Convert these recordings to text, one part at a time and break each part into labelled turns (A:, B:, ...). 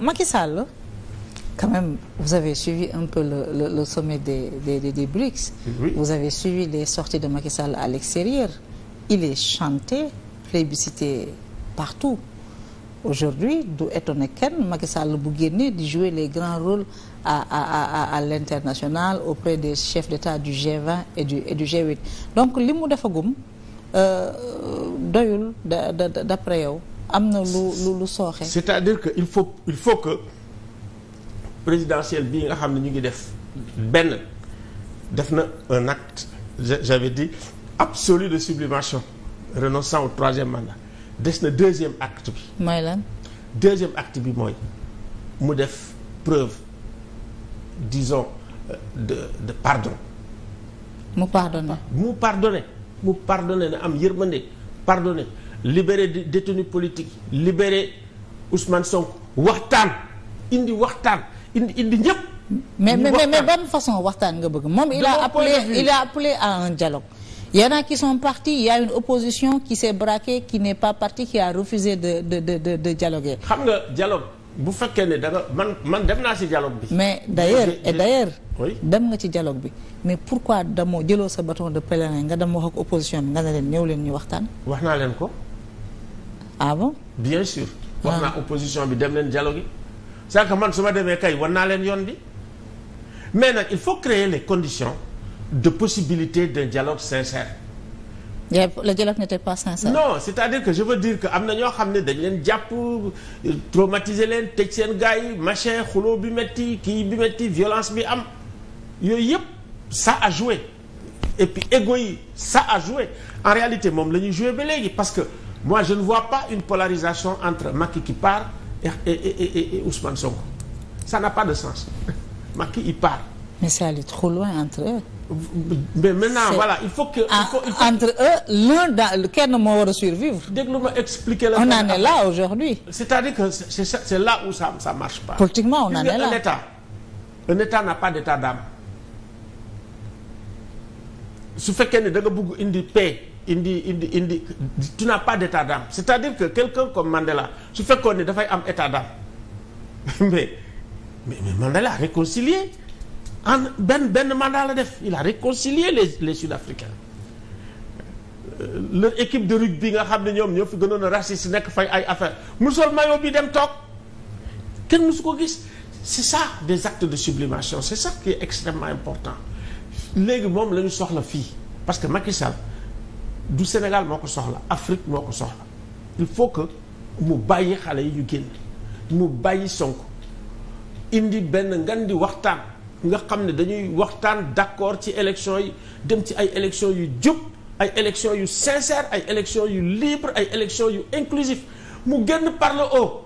A: Macky Sall quand même vous avez suivi un peu le le, le sommet des des des, des BRICS. vous avez suivi les sorties de Macky Sall à l'extérieur il est chanté plébiscité partout aujourd'hui du étonné kenn Macky Sall bu génnee di jouer les grands rôles à à à à l'international auprès des chefs d'État du G20 et du G8 donc li mu defagum euh, doyul da d'après yow. am na lu lu lu sooxe.
B: c'est-à-dire que il faut il faut que présidentielle bii nga xam ne ñu ngi def benn def na un acte j'avais dit absolu de sublimation renonçant au troisième mandat des na deuxième acte bi. mooy lan. deuxième acte bi mooy mu def preuve disons euh, de de pardon. mu pardonné mu pardonné mu pardonné na am yërmande pardonné. libérer détenu politique libérer Ousmane Sonko waxtaan indi waxtaan indi indi ñëpp. mais mais mais
A: ban façon waxtaan nga bëgg moom il a appelé il a appelé à un dialogue. Il y en a qui sont partis a une opposition qui s'est braquée qui n'est pas partie qui a refusé de de de de, de dialoguer.
B: xam nga dialogue bu fekkee ne da man man dem naa ci dialogue bi.
A: mais d'ailleurs et d'ailleurs dem nga ci dialogue bi mais pourquoi damoo jëloo sa bâton de pèlerin nga dem wax ak opposition bi leen ñëw leen waxtaan.
B: wax naa leen ko. ah bien sûr. Ah. wax naa opposition bi dem leen dialogue yi que man su ma demee kay war naa leen yoon bi mais nag il faut créer les conditions de possibilité d'un dialogue sincère.
A: le dialogue n'était pas sincère.
B: non c'est-à-dire que je veux dire que am na ñoo xam ne dañ leen jàpp traumatiser leen teg seen gars yi machin xuloo bi metti kii bi metti violence bi am yooyu yëpp ça a joué et puis égo yi ça a joué en réalité moom la ñuy joué ba léegi parce que. moi je ne vois pas une polarisation entre Macky qui part et et et et Ousmane Sonko ça n'a pas de sens Macky il part.
A: mais ça allait trop loin entre eux. mais maintenant voilà
B: il faut que. entre
A: eux l'un dans kenn moo war
B: a survivre. déglu ma expliquer la. on en là aujourd'hui c'est-à-dire que c'est c'est là où ça ça marche pas. politiquement on est là un état n'a pas d'état d'âme. su fekkee ne danga nga bugg indi paix indi indi indi tu n'as pas d'état d'âme c'est-à-dire que quelqu'un comme Mandela su fekkoon ne dafay am état d'âme mais mais mais Mandela a réconcilié benn benn mandat la def il a réconcilié les les Sud-Africains euh, leur équipe de rugby nga xam ne ñoom ñoo fi gënoon a raciste nekk fay ay affaire musul mayo bi dem toog kenn musu ko gis c'est ça des actes de sublimation c'est ça qui est extrêmement important léegi moom lañu ñu soxla fii parce que Macky Sall du Sénégal moo ko soxla Afrique moo ko soxla il faut que mu bàyyi xale yi ñu génn mu bàyyi Sonko indi benn ngan di waxtaan nga xam ne dañuy waxtaan d'accord ci élection yi dem ci ay élection yu jub ay élection yu sincère ay élection yu libre ay élection yu inclusif mu génn par le haut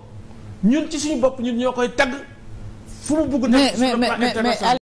B: ñun ci suñu bopp ñun ñoo koy tagg fu mu bugg nekk sur le plan international